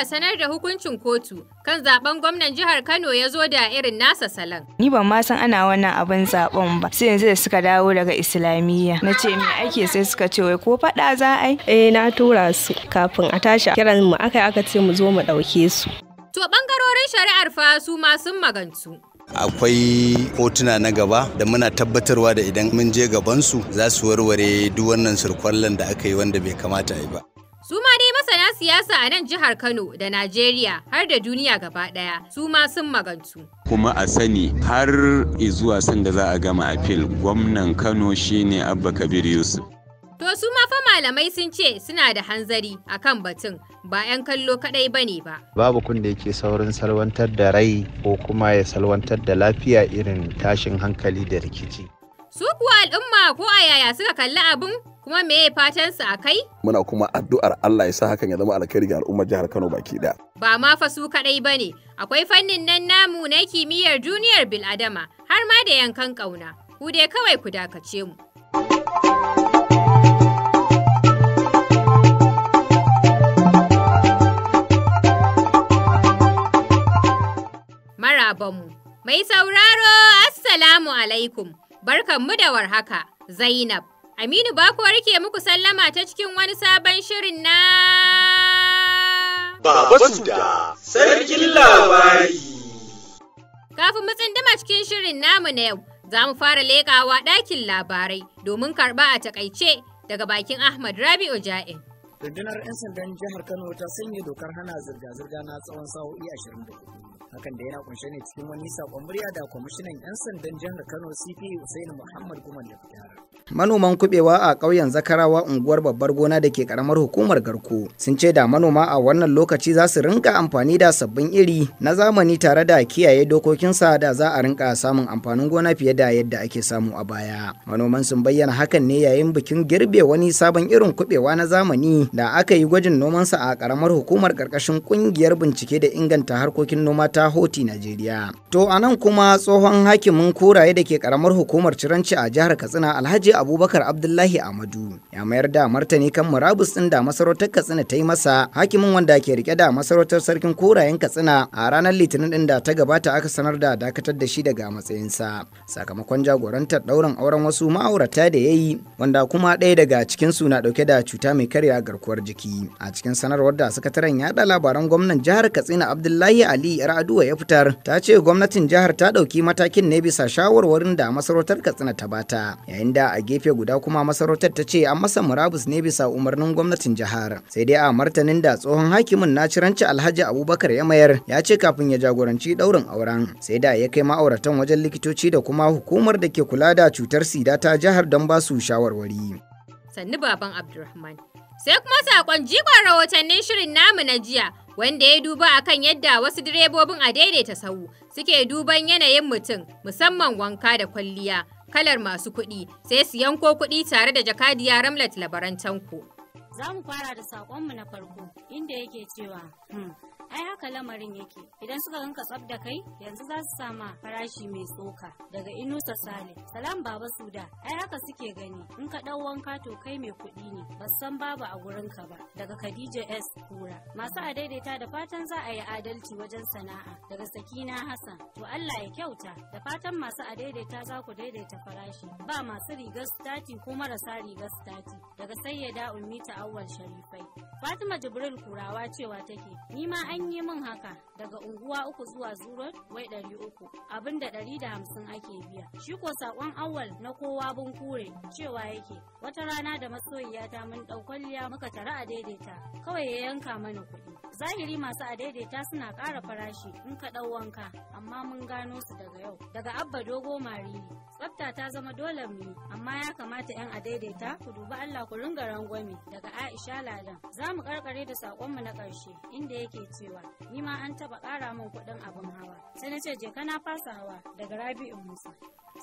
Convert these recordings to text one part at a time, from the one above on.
a sanar da hukuncin kotu kan zaben gwamnan jihar Kano ya zo da irin nasa salon. Ni ban ma san ana wannan abin zaben ba. Sai yanzu da suka dawo daga Islamiyya. Na ce me ake sai suka ce wai ko faɗa za a yi? Eh na tura su kafin a tashi kiran mu aka aka ce mu zo mu ɗauke su. To bangarorin shari'ar fa su ma sun magantu. akwai kotuna na gaba da muna tabbatarwa da idan mun je gabansu za su warware duk wannan surkwallon da aka yi wanda bai kamata yi ba. Su ma siyasa a nan jihar Kano da Najeriya har da duniya gaba ɗaya su ma sun magantu. kuma a sani har zuwa sanda za a gama apil gwamnan kano shine abba kabir yusuf To su ma fa malamai sun ce suna da hanzari a kan batun ba 'yan kallo kaɗai ba ne ba. Babu kun da yake saurin salwantar da rai ko kuma ya salwantar da lafiya irin tashin hankali da rikici. Su kuwa al'umma ko a yaya suka kalli abin kuma me fatan su a kai? Muna kuma addu'ar Allah ya sa hakan ya zama alkhairi ga al'ummar jihar Kano baki ɗaya. Ba ma fa su kaɗai ba ne, akwai fannin nan namu na kimiyyar duniyar bil'adama har ma da yankan ƙauna. Ku dai kawai ku dakace mu. Marabanmu, mai sauraro, Assalamu alaikum. Barkanmu da warhaka, Zainab. Aminu ku rike muku sallama ta cikin wani sabon shirin na Baba Suda, sarkin labari. Kafin mu tsinduma cikin shirin namu na yau, za mu fara leƙawa ɗakin labarai domin karɓa a takaice daga bakin Ahmad Rabi'u Ja'in. Rundunar 'yan sandan jihar Kano ta sanya dokar hana zirga-zirga na tsawon sa'o'i 24. hakan da yana kunshe ne cikin wani sakon murya da kwamishinan 'yan sandan jihar kano cp Hussaini muhammad kuma da fitar Manoman kubewa a ƙauyen Zakarawa unguwar babbar gona da ke karamar hukumar Garko sun ce da manoma a wannan lokaci za su rinka amfani da sabbin iri na zamani tare da kiyaye dokokinsa da za a rinka samun amfanin gona fiye da yadda ake samu a baya. Manoman sun bayyana hakan ne yayin bikin girbe wani sabon irin kubewa na zamani da aka yi gwajin nomansa a ƙaramar hukumar karkashin ƙungiyar bincike da inganta harkokin noma ta Hoti Najeriya. To anan kuma tsohon hakimin kuraye da ke ƙaramar hukumar Ciranci a jihar Katsina Alhaji abubakar abdullahi amadu ya mayar da martani kan murabus ɗin da masarautar katsina ta yi masa hakimin wanda ke rike da masarautar sarkin korayen katsina a ranar litinin ɗin da ta gabata aka sanar da dakatar da shi daga matsayinsa sakamakon jagorantar ɗaurin auren wasu ma'aurata da ya yi wanda kuma ɗaya daga cikinsu na ɗauke da cuta mai karya garkuwar jiki a cikin sanarwar da sakataren yaɗa labaran gwamnan jihar katsina abdullahi ali yar'aduwa ya fitar ta ce gwamnatin jihar ta ɗauki matakin ne bisa shawarwarin da masarautar katsina ta bata yayin da a gefe guda kuma masarautar ta ce an masa murabus ne bisa umarnin gwamnatin jihar sai dai a martanin da tsohon hakimin na ciranci alhaji abubakar ya mayar ya ce kafin ya jagoranci daurin auren sai da ya kai ma'auratan wajen likitoci da kuma hukumar da ke kula da cutar sida ta jihar don ba su shawarwari sannu baban abdulrahman sai kuma sakon jigon rahotannin shirin namu na jiya wanda ya duba a kan yadda wasu direbobin a daidaita sawu suke duban yanayin mutum musamman wanka da kwalliya kalar masu kuɗi sai su yanko kuɗi tare da jakadiya Ramlat labaran tanko. Za mu fara da saƙonmu na farko inda yake cewa, hmm, ai haka lamarin yake idan suka ganka tsab da kai yanzu za su sama farashi mai tsoka daga inu inusa sale salam baba suda ai haka suke gani in ka dau wanka to kai mai kuɗi ne ba san babu a gurin ka ba daga khadija s kura masu adaidaita da fatan za a yi adalci wajen sana'a daga sakina hassan to allah ya kyauta da fatan masu adaidaita za ku daidaita farashi ba masu rigar stati ko marasa rigar stati daga sayyada ummi ta awwal sharifai Fatima Jibril Kurawa cewa take, ni ma an yi min haka daga unguwa uku zuwa zuwa wai ɗari uku, abin da ɗari da hamsin ake biya. Shi ko saƙon awal na kowa bun kure cewa yake, wata rana da masoyiyata mun ɗau kwalliya muka tara a daidaita, kawai ya yanka mana kuɗi. zahiri masu adaidaita suna ƙara farashi in ka ɗau wanka amma mun gano su daga yau daga abba dogo mari tsafta ta zama dole mu amma ya kamata yan adaidaita ku dubi Allah ku ringa rangwame daga Aisha Ladan za mu karkare da sakon mu na ƙarshe inda yake cewa ni ma an taba ƙara min kuɗin abin hawa sai na ce je kana fasa hawa daga Rabi'u Musa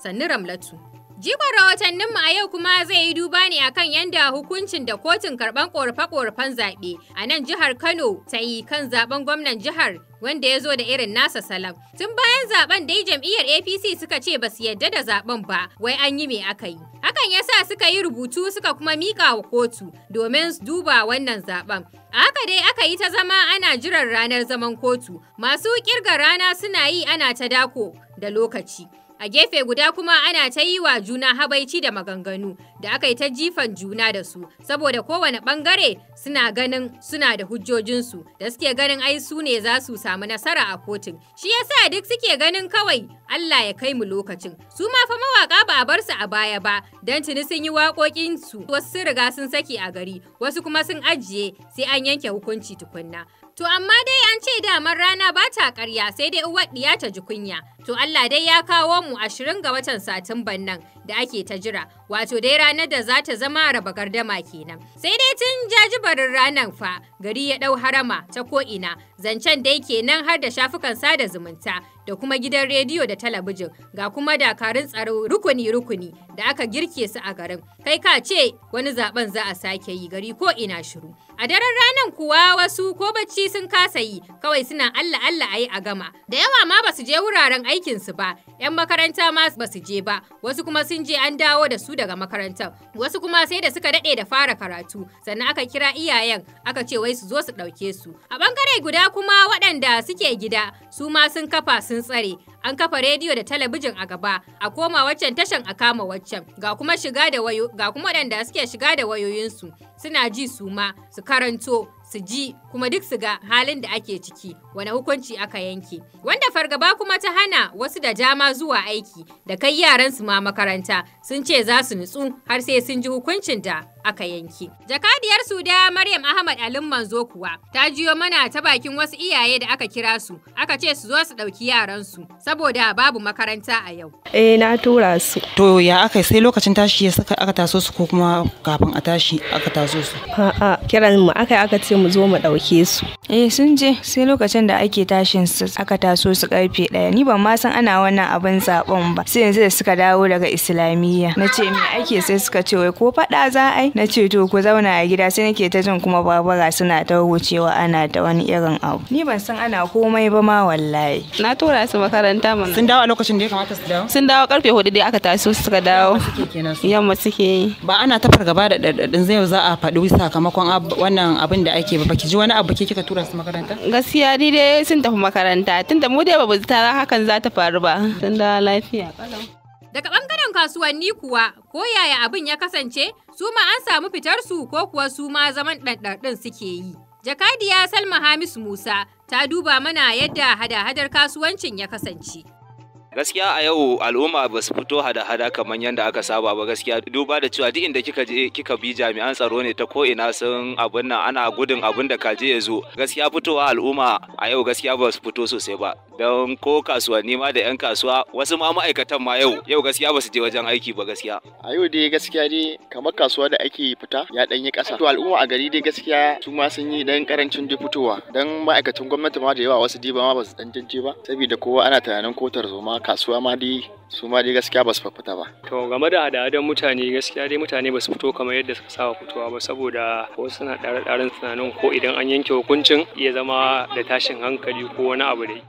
Sanni Ramlatu Jigon mu a yau kuma zai yi duba ne akan yadda hukuncin da kotun karɓan ƙorafe-ƙorafen zaɓe a nan jihar Kano ta yi kan zaɓen gwamnan jihar wanda ya zo da irin nasa salam. Tun bayan zaɓen dai jam'iyyar APC suka ce ba su yadda da zaɓen ba, wai an yi me aka yi. Hakan ya sa suka yi rubutu suka kuma miƙa wa kotu domin duba wannan zaɓen, A haka dai aka yi ta zama ana jiran ranar zaman kotu, masu kirga rana suna yi ana ta dako da lokaci. A gefe guda kuma ana ta yi wa juna habaici da maganganu da aka yi ta jifan juna da su saboda kowane bangare suna ganin suna da hujjojinsu da suke ganin ai su ne za su samu nasara a kotun. Shi yasa duk suke ganin kawai Allah ya kai mu lokacin. Su ma fa mawaka ba a bar su a baya ba dan tuni sun yi waƙoƙinsu wasu sun riga sun saki a gari wasu kuma sun ajiye sai an yanke hukunci tukunna. To amma dai an ce damar rana ba ta ƙarya sai dai uwar ɗiya ta ji kunya. To Allah dai ya kawo mu ashirin ga watan Satumban nan da ake ta jira, wato dai ranar da za ta zama raba gardama kenan. Sai dai tun jajibarin ranar fa gari ya ɗau harama ta ko'ina, zancen dai kenan har da shafukan sada zumunta da kuma gidan rediyo da talabijin ga kuma dakarun tsaro rukuni-rukuni da aka girke su a garin. Kai ka ce wani zaben za a sake yi gari ko ina shiru. A daren ranar kuwa wasu ko bacci sun kasa yi kawai suna Allah Allah a yi a gama. Da yawa ma ba su je wuraren aikinsu ba, 'yan makaranta ma ba su je ba, wasu kuma sun je an dawo da su daga makarantar, wasu kuma sai da suka daɗe da fara karatu, sannan aka kira iyayen aka ce wai su zo su ɗauke su. A ɓangare guda kuma waɗanda suke gida su ma sun kafa sun tsare, an kafa rediyo da talabijin a gaba, a koma waccan tashan a kama waccan, ga kuma shiga da wayo, ga kuma waɗanda suke shiga da wayoyinsu suna ji su ma su karanto su ji kuma duk su ga halin da ake ciki wani hukunci aka yanke wanda fargaba kuma ta hana wasu da dama zuwa aiki da kai yaran su ma makaranta sun ce za su nutsu har sai sun ji hukuncin da aka yanki. Jakadiyar su da Maryam Ahmad Alin Manzo kuwa ta jiyo mana ta bakin wasu iyaye da aka kira su aka ce su zo su ɗauki yaransu saboda babu makaranta a yau. Eh na tura su. To ya aka sai lokacin tashi ya saka aka taso su ko kuma kafin a tashi aka taso su. A'a kiran mu aka aka ce mu zo mu ɗauke su. Eh sun je sai lokacin da ake tashin su aka taso su karfe ɗaya ni ban ma san ana wannan abin zaɓen ba sai yanzu da suka dawo daga islamiyya na ce me ake sai suka ce wai ko faɗa za a yi na ce to ku zauna a gida sai nake ta jin kuma babura suna ta wucewa ana da wani irin abu ni ban san ana komai ba ma wallahi na tura su makaranta mana sun dawo a lokacin da ya kamata su dawo sun dawo karfe hudu dai aka taso suka dawo yamma suke ba ana ta fargaba da dadin zai za a faɗi sakamakon wannan abin da ake ba ki ji wani abu ke kika tura su makaranta gaskiya ni dai sun tafi makaranta tunda mu dai ba mu tara hakan za ta faru ba sun dawo lafiya kalau Daga ɓangaren kasuwanni kuwa, ko yaya abin ya kasance, Su ma an samu fitar su ko kuwa su ma zaman ɗanɗanɗan suke yi. Jakadiya Salma Hamis Musa ta duba mana yadda hada-hadar kasuwancin ya kasance. gaskiya a yau al'umma ba su fito hada-hada kamar yadda aka saba ba gaskiya duba da cewa duk inda kika je kika bi jami'an tsaro ne ta ko ina sun abun nan ana gudun abun da kaje ya zo gaskiya fitowa al'umma a yau gaskiya ba su fito sosai ba don ko kasuwanni ma da yan kasuwa wasu ma ma'aikatan ma yau yau gaskiya ba su je wajen aiki ba gaskiya a yau dai gaskiya dai kamar kasuwa da ake fita ya danyi kasa to al'umma a gari dai gaskiya su ma sun yi dan karancin dai fitowa dan ma'aikatan gwamnati ma da yawa wasu diba ma ba su dan ba saboda kowa ana tunanin ko tarzoma kasuwa ma dai su ma dai gaskiya ba su fita ba. To game da hada-hadan mutane gaskiya dai mutane ba su fito kamar yadda suka saba fitowa ba saboda wasu suna ɗare-ɗaren tunanin ko idan an yanke hukuncin iya zama da tashin hankali ko wani abu dai.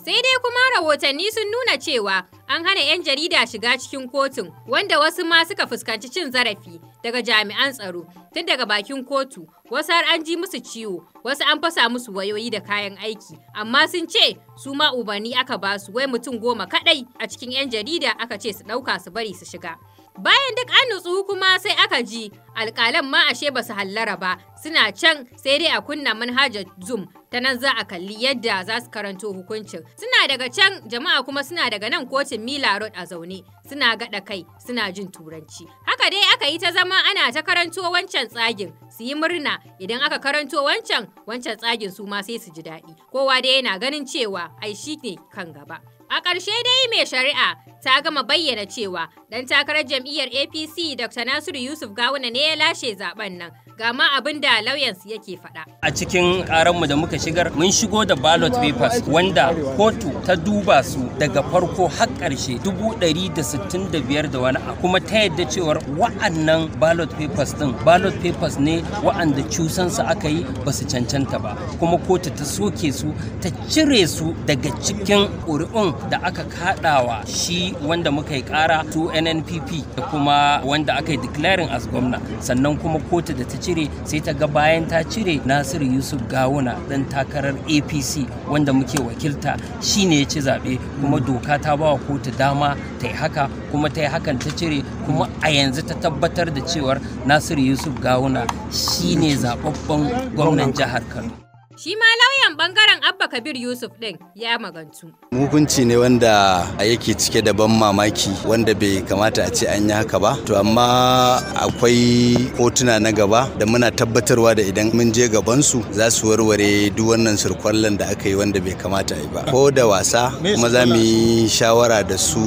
Sai dai kuma rahotanni sun nuna cewa an hana 'yan jarida shiga cikin kotun wanda wasu ma suka fuskanci cin zarafi daga jami'an tsaro tun daga bakin kotu wasu har an ji musu ciwo wasu an fasa musu wayoyi da kayan aiki amma sun ce su ma ubani aka basu wai mutum goma kadai a cikin 'yan jarida aka ce su ɗauka su bari su shiga Bayan duk an nutsu kuma sai aka ji alƙalan ma ashe ba su hallara ba suna can sai dai a kunna manhajar Zoom ta nan za a kalli yadda za su karanto hukuncin. Suna daga can jama'a kuma suna daga nan kotun Mila Road a zaune suna gaɗa kai suna jin turanci. Haka dai aka yi ta zama ana ta karanto wancan tsagin su yi murna idan aka karanto wancan wancan tsagin su ma sai su ji daɗi. Kowa dai yana ganin cewa ai shi ne kan gaba. A ƙarshe dai mai shari'a ta gama bayyana cewa ɗan takarar jam'iyyar APC Dr. Nasiru Yusuf Gawuna ne ya lashe zaben nan gama abin da lauyansu yake faɗa. A cikin mu da muka shigar mun shigo da ballot papers wanda kotu ta duba su daga farko har ƙarshe dubu ɗari da sittin da biyar da wani kuma ta yadda cewar wa'annan ballot papers din ballot papers ne wa'anda cusansu aka yi ba su cancanta ba kuma kotu ta soke su ta cire su daga cikin ƙuri'un da aka kaɗawa shi wanda muka yi ƙara to nnpp da kuma wanda aka yi declaring as gwamna sannan kuma kotu da ta cire sai ta ga bayan ta cire nasiru yusuf gawuna dan takarar apc wanda muke wakilta shine ya ci zaɓe kuma doka ta ba wa kotu dama ta yi haka kuma ta yi hakan ta cire kuma a yanzu ta tabbatar da cewar nasiru yusuf gawuna shine zaɓaɓɓen gwamnan jihar kano Shi ma lauyan bangaren Abba Kabir Yusuf ɗin ya magantu. Hukunci ne wanda yake cike da ban mamaki wanda bai kamata a ce an yi haka ba. To amma akwai hotuna na gaba da muna tabbatarwa da idan mun je gabansu za su warware duk wannan surkwallon da aka yi wanda bai kamata a yi ba. Ko da wasa kuma za mu yi shawara da su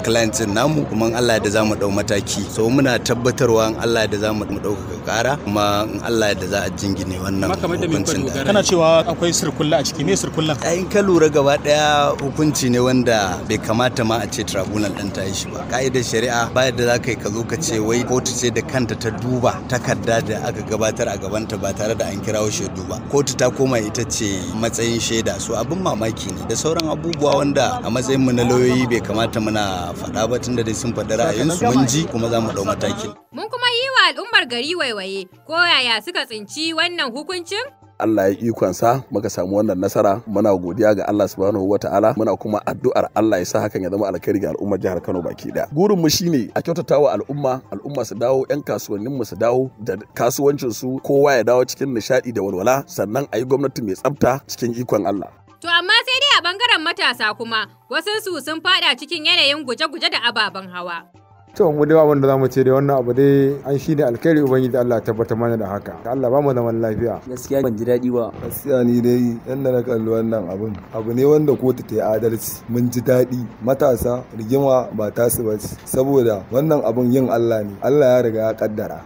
clients namu kuma Allah da za mu dau mataki. So muna tabbatarwa in Allah da za mu ɗaukaka kara kuma Allah da za a jingine wannan hukuncin da. cewa akwai sirkulla a ciki me a in ka lura gaba daya hukunci ne wanda bai kamata ma a ce tribunal din ta yi shi ba ka'idar shari'a ba yadda za ka yi ka zo ka ce wai kotu ce da kanta ta duba takarda da aka gabatar a gabanta ba tare da an kira shaidu duba. kotu ta koma ita ce matsayin shaida so abin mamaki ne da sauran abubuwa wanda a matsayin mu na lauyoyi bai kamata muna faɗa ba tunda dai sun faɗi ra'ayinsu mun ji kuma za mu ɗau mataki mun kuma yi wa al'ummar gari waiwaye ko yaya suka tsinci wannan hukuncin Allah ya ikonsa muka samu wannan nasara muna godiya ga Allah subhanahu wataala muna kuma addu'ar Allah ya sa hakan ya zama alkhairi ga al'ummar jihar Kano baki daya gurin mu shine a kyautatawa al'umma al'umma su dawo yan kasuwannin mu su dawo da kasuwancin su kowa ya dawo cikin nishadi da walwala sannan ayi gwamnati mai tsafta cikin ikon Allah To amma sai dai a bangaren matasa kuma wasu su sun fada cikin yanayin guje-guje da ababen hawa. to mu dai abin da zamu ce dai wannan abu dai an shi ne alkhairi ubangiji Allah ya tabbata mana da haka Allah ba mu zaman lafiya gaskiya ban ji daɗi ba gaskiya ni dai yanda na kalli wannan abun abu ne wanda kotu ta yi adalci mun ji daɗi matasa rigima ba su ba saboda wannan abun yin Allah ne Allah ya riga ya kaddara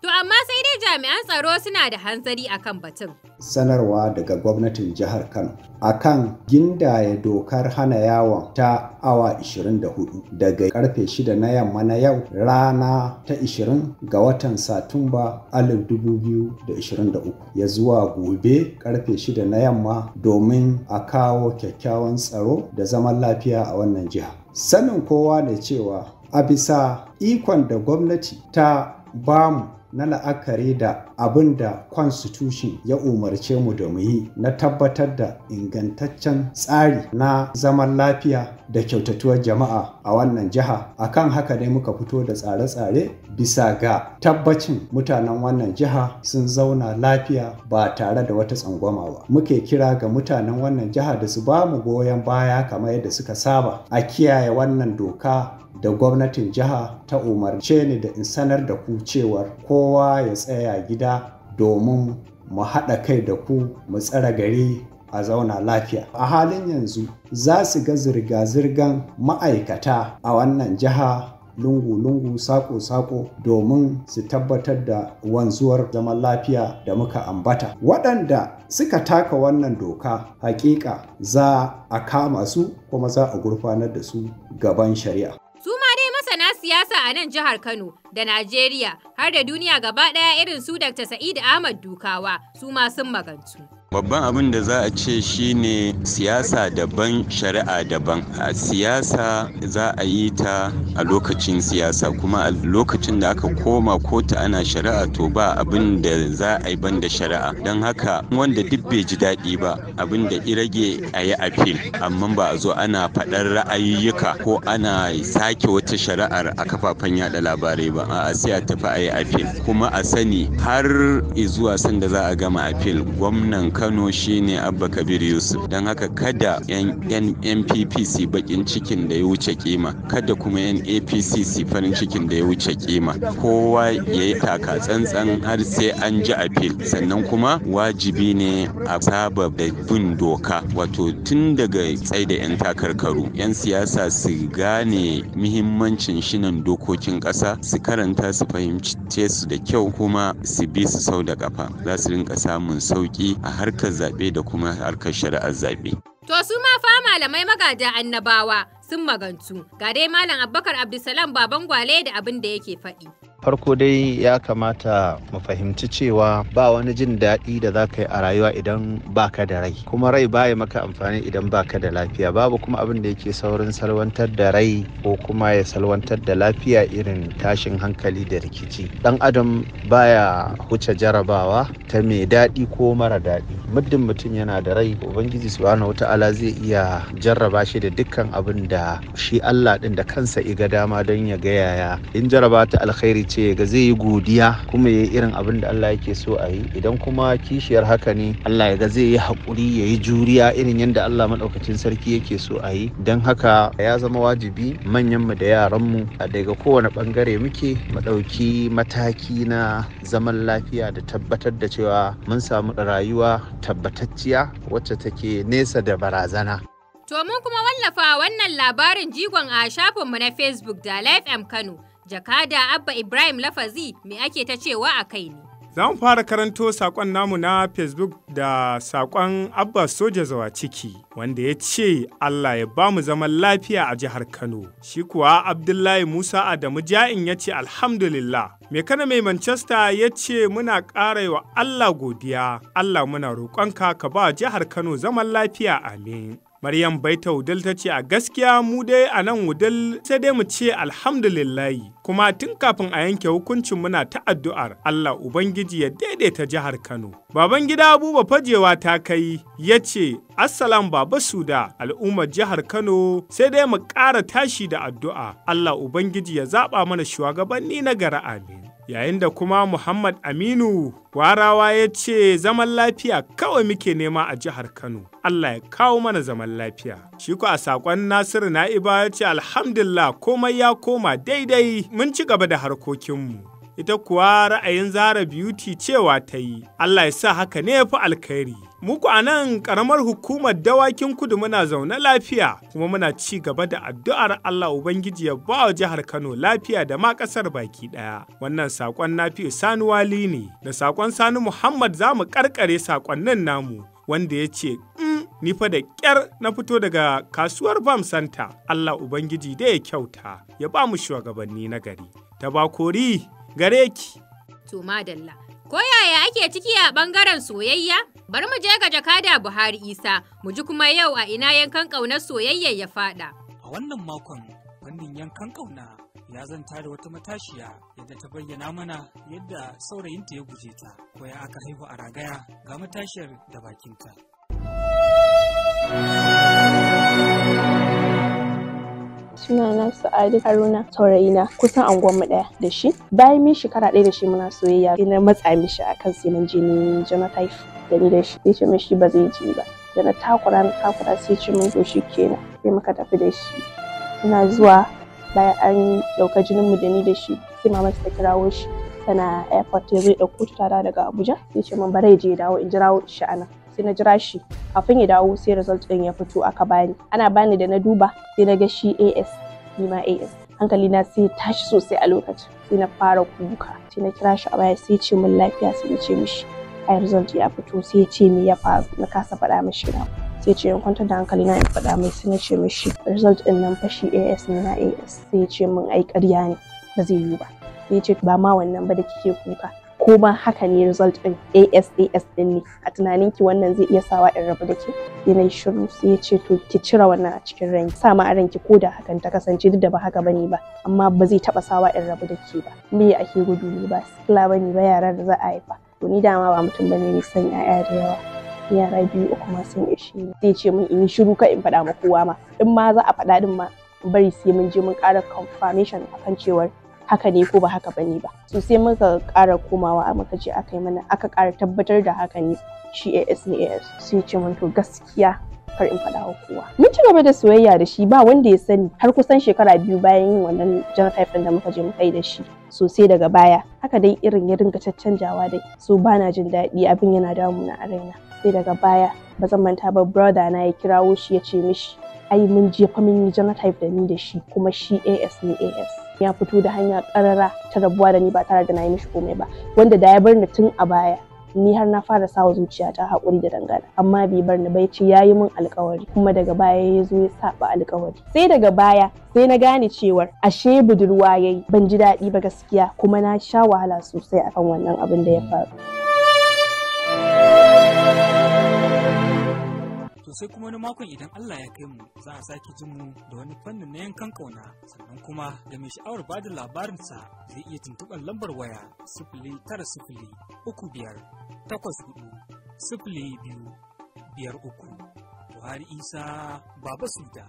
to amma sai jami'an tsaro suna da hanzari akan batun. Sanarwa daga gwamnatin jihar Kano akan gindaya dokar hana yawon ta awa 24 daga karfe 6 na yamma na yau rana ta 20 ga watan Satumba 2023 ya zuwa gobe karfe 6 na yamma domin a kawo kyakkyawan tsaro da zaman lafiya a wannan jiha. Sanin kowa da cewa a bisa ikon da gwamnati ta bamu na la'akari da abin da constitution ya umarce mu da mu yi na tabbatar da ingantaccen tsari na zaman lafiya da kyautatuwar jama'a a wannan jiha a kan haka dai muka fito da tsare-tsare bisa ga tabbacin mutanen wannan jiha sun zauna lafiya ba tare da wata tsangwama ba muke kira ga mutanen wannan jiha da su ba mu goyon baya kamar yadda suka saba a kiyaye wannan doka da gwamnatin jiha ta umarce ni da in sanar da ku cewar kowa ya tsaya gida domin mu haɗa kai da ku mu tsara gari a zauna lafiya. A halin yanzu za su ga zirga-zirgan ma'aikata a wannan jiha lungu-lungu sako-sako domin su tabbatar da wanzuwar zaman lafiya da muka ambata. Waɗanda suka taka wannan doka hakika za a kama su kuma za a gurfanar da su gaban shari'a. masana siyasa a nan jihar Kano da Najeriya har da duniya gaba ɗaya irin su Dr. Sa'id Ahmad Dukawa su ma sun magantu. babban abin da za a ce shine siyasa daban shari'a daban a siyasa za a yi ta a lokacin siyasa kuma a lokacin da aka koma kotu ana shari'a to ba abin da za a yi ban da shari'a don haka wanda duk bai ji daɗi ba abin da irage a yi afil amma ba a zo ana faɗar ra'ayoyyuka ko ana sake wata shari'ar a kafafen yada labarai ba a sai a tafi a yi afil kuma a sani har zuwa sanda za a gama afil gwamnan kano shine abba kabir yusuf don haka kada yan npp su bakin cikin da ya wuce kima kada kuma yan apc su farin cikin da ya wuce kima kowa ya yi taka tsantsan har sai an ji apil sannan kuma wajibi ne a saba da bin doka wato tun daga tsai da yan takarkaru yan siyasa su gane muhimmancin shinan dokokin ƙasa su karanta su fahimce su da kyau kuma su bi su sau da kafa za su rinka samun sauki a har harkar zaɓe da kuma harkar shari'ar zaɓe. To su ma fa malamai magada annabawa sun magantu ga dai malam Abubakar Abdulsalam baban gwale da abin da yake faɗi. farko dai ya kamata mu fahimci cewa ba wani jin daɗi da za ka yi a rayuwa idan ba ka da rai kuma rai baya maka amfani idan ba ka da lafiya babu kuma abin da yake saurin salwantar da rai ko kuma ya salwantar da lafiya irin tashin hankali da rikici dan adam baya huce jarabawa ta mai daɗi ko mara daɗi muddin mutum yana da rai ubangiji subhanahu wata'ala zai iya jarraba shi da dukkan abin da shi Allah ɗin da kansa iga dama don ya ga yaya in jarraba ta alkhairi ce ga zai yi godiya kuma ya yi irin abin da Allah yake so a yi idan kuma kishiyar haka ne Allah ya ga zai yi haƙuri ya yi juriya irin yadda Allah maɗaukacin sarki yake so a yi don haka ya zama wajibi manyan manyanmu da yaran mu, a daga kowane ɓangare muke mu ɗauki mataki na zaman lafiya da tabbatar da cewa mun samu rayuwa tabbatacciya wacce take nesa da barazana. To mun kuma wallafa wannan labarin jigon a shafinmu na Facebook da Life Kano. Jakada Abba Ibrahim Lafazi me ake ta cewa a kai ne. Za mu fara karanto saƙon namu na Facebook da saƙon Abba Soja Zawa ciki wanda ya ce Allah ya ba mu zaman lafiya a jihar Kano. Shi kuwa Abdullahi Musa Adamu Ja'in ya ce Alhamdulillah. Mai kana mai Manchester ya ce muna ƙara wa Allah godiya. Allah muna roƙonka ka ba jihar Kano zaman lafiya amin. Maryam Baita Wudal ta ce a gaskiya mu dai a nan Wudal sai dai mu ce alhamdulillahi kuma tun kafin a yanke hukuncin muna ta addu'ar Allah Ubangiji ya daidaita jihar Kano. Baban gida Abuba fajewa ta kai ya ce Assalam Baba Suda al'ummar jihar Kano sai dai mu ƙara tashi da addu'a Allah Ubangiji ya zaɓa mana shugabanni na gara amin. yayin da kuma Muhammad Aminu warawa ya ce zaman lafiya kawai muke nema a jihar Kano. Allah ya kawo mana zaman lafiya. Shi ku a saƙon Nasiru Na'iba ya ce alhamdulillah komai ya koma daidai mun ci gaba da harkokinmu. Ita kuwa ra'ayin Zara Beauty cewa ta yi, Allah ya sa haka ne ya fi alkhairi. Muku a nan ƙaramar hukumar dawakin kudu muna zaune lafiya kuma muna ci gaba da addu'ar Allah Ubangiji ya ba wa jihar Kano lafiya da ma ƙasar baki ɗaya. Wannan saƙon nafi Sani Wali ne da saƙon Sani Muhammad za mu ƙarƙare saƙonnin namu wanda ya ce mm, ni fa da ƙyar na fito daga kasuwar Bam Santa Allah Ubangiji da ya kyauta ya ba mu shugabanni na gari. Tabakori gare ki. To madalla. Ko yaya ake ciki a ɓangaren soyayya? Bari mu je ga jakada Buhari Isa, mu ji kuma yau a ina yankan ƙaunar soyayya ya faɗa. A wannan makon, fannin yankan ƙauna ya zanta da wata matashiya yadda ta bayyana mana yadda saurayinta ya guje ta, ko ya aka haihu a ragaya ga matashiyar da bakinta. sunana Sa'adu Haruna taurayina kusan anguwan mu daya da shi bayan min shekara ɗaya da shi muna soyayya ina matsa matsa mishi akan sai na je ni genotype da ni da shi sai ce mishi ba zai je ba da na takura na takura sai ce min to kenan sai muka tafi da shi Ina zuwa bayan an ɗauka jinin mu da ni da shi sai mama ta kirawo shi tana airport ya zai ɗauko ta daga Abuja sai ce min bare je dawo in jirawo shi anan sai na jira shi kafin ya dawo sai result din ya fito aka bani ana bani da na duba sai na ga shi AS ni ma AS hankali na sai tashi sosai a lokacin sai na fara kuka sai na kira shi a baya sai ce min lafiya sai na ce mishi ai result ya fito sai ya ce me ya faru na kasa faɗa mishi na sai ce in kwantar da hankali na in faɗa mai sai na ce mishi result din nan fashi AS ni na AS sai ya ce min ai ƙarya ne ba zai yiwu ba sai ya ce ba ma wannan ba da kike kuka ko ma haka ne result din ASAS din ne a tunanin ki wannan zai iya sawa in rabu da ke yanayi shiru sai ya ce to ki cire wannan a cikin ranki sa ma a ranki ko da hakan ta kasance duk da ba haka bane ba amma ba zai taba sawa in rabu da ke ba me ake gudu ne ba sikila bane ba yaran da za a haifa to ni dama ba mutum bane ne san 'ya'ya da yawa yara biyu uku ma sun ishe ni zai ce min in yi shiru ka in faɗa ma kowa ma in ma za a faɗa din ma bari sai mun je mun ƙara confirmation akan cewar haka ne ko ba haka bane ba so sai muka kara komawa a muka je aka yi mana aka kara tabbatar da haka ne shi AS ne AS sai ce mun to gaskiya kar in faɗa wa kowa. Mun ci gaba da soyayya da shi ba wanda ya sani har kusan shekara biyu bayan yin wannan ɗin da muka je muka yi da shi sosai daga baya. Haka dai irin ya dinga caccanjawa dai so na jin daɗi abin yana na a raina. Sai daga baya ba zan manta ba brother na ya kirawo shi ya ce mishi ai mun je fa mun yi da ni da shi kuma shi AS ne AS. ya fito da hanya karara ta rabuwa da ni ba tare da na yi mishi komai ba wanda da ya bar ni tun a baya ni har na fara sawa zuciya ta haƙuri da dangana amma bai bar ni bai ce yayi min alƙawari kuma daga baya ya zo ya saba alƙawari sai daga baya sai na gane cewar ashe budurwa yayi ban ji daɗi ba gaskiya kuma na sha wahala sosai akan wannan abin da ya faru. To sai kuma wani makon idan Allah ya kai mu za a sake jin mu da wani fannin na yankan kauna sannan kuma da mai sha'awar ba da labarinsa zai iya tuntuɓar lambar waya sifili tara sifili uku biyar takwas hudu sifili biyu biyar uku Buhari Isa Baba Suda.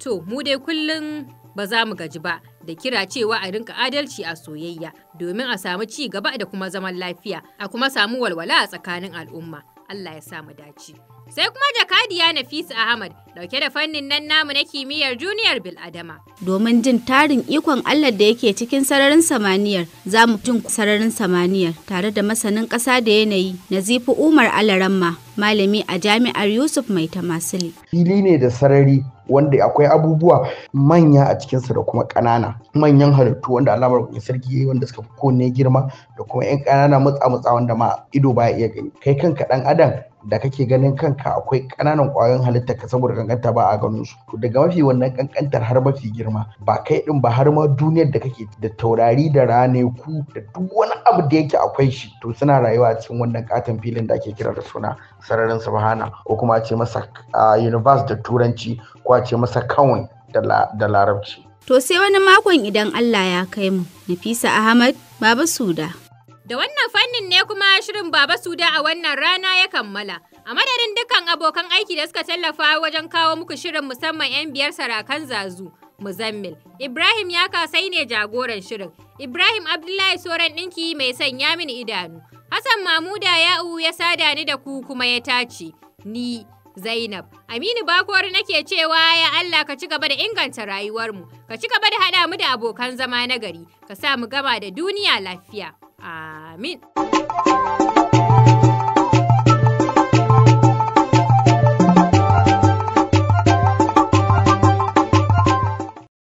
To mu dai kullum ba za mu gaji ba da kira cewa a rinka adalci a soyayya domin a samu ci gaba da kuma zaman lafiya a kuma samu walwala a tsakanin al'umma. Allah ya sa mu dace. Sai kuma jakadiya Nafisa Ahmad dauke da fannin nan namu na kimiyyar juniyar Biladama. Domin jin tarin ikon Allah da yake cikin sararin samaniyar, za mu jin sararin samaniyar tare da masanin ƙasa da yanayi zifi Umar Alaramma, malami a jami'ar Yusuf Mai Tamasili. Fili ne da sarari wanda akwai abubuwa manya a cikinsa da kuma ƙanana manyan halittu wanda alamar sarki yayi wanda suka fi kowanne girma da kuma 'yan ƙanana matsa matsa wanda ma ido baya iya gani kai kanka ɗan adam da kake ganin kanka akwai ƙananan ƙwayoyin halitta ka saboda kankanta ba a ganin su to daga mafi wannan kankantar har mafi girma ba kai din ba har ma duniyar da kake da taurari da rane ku da duk wani abu da yake akwai shi to suna rayuwa cikin wannan katon filin da ake kira da suna sararin subhana ko kuma a ce masa universe da turanci ko a ce masa kawun da larabci to sai wani makon idan Allah ya kai mu Nafisa Ahmad babu Suda Da wannan fannin ne kuma shirin Baba Suda a wannan rana ya kammala. A madadin dukkan abokan aiki da suka tallafa wajen kawo muku shirin musamman 'yan biyar sarakan zazu. Muzammil. Ibrahim ya kasai ne jagoran shirin. Ibrahim Abdullahi Soran ɗinki mai sanya mini idanu. Hassan Mamuda Ya'u ya sada ni da ku kuma ya tace. Ni Zainab. Aminu Bakuwar nake cewa ya Allah ka ci gaba da inganta rayuwarmu, ka ci gaba da haɗa mu da abokan zama na gari, ka sa mu gama da duniya lafiya. 아민.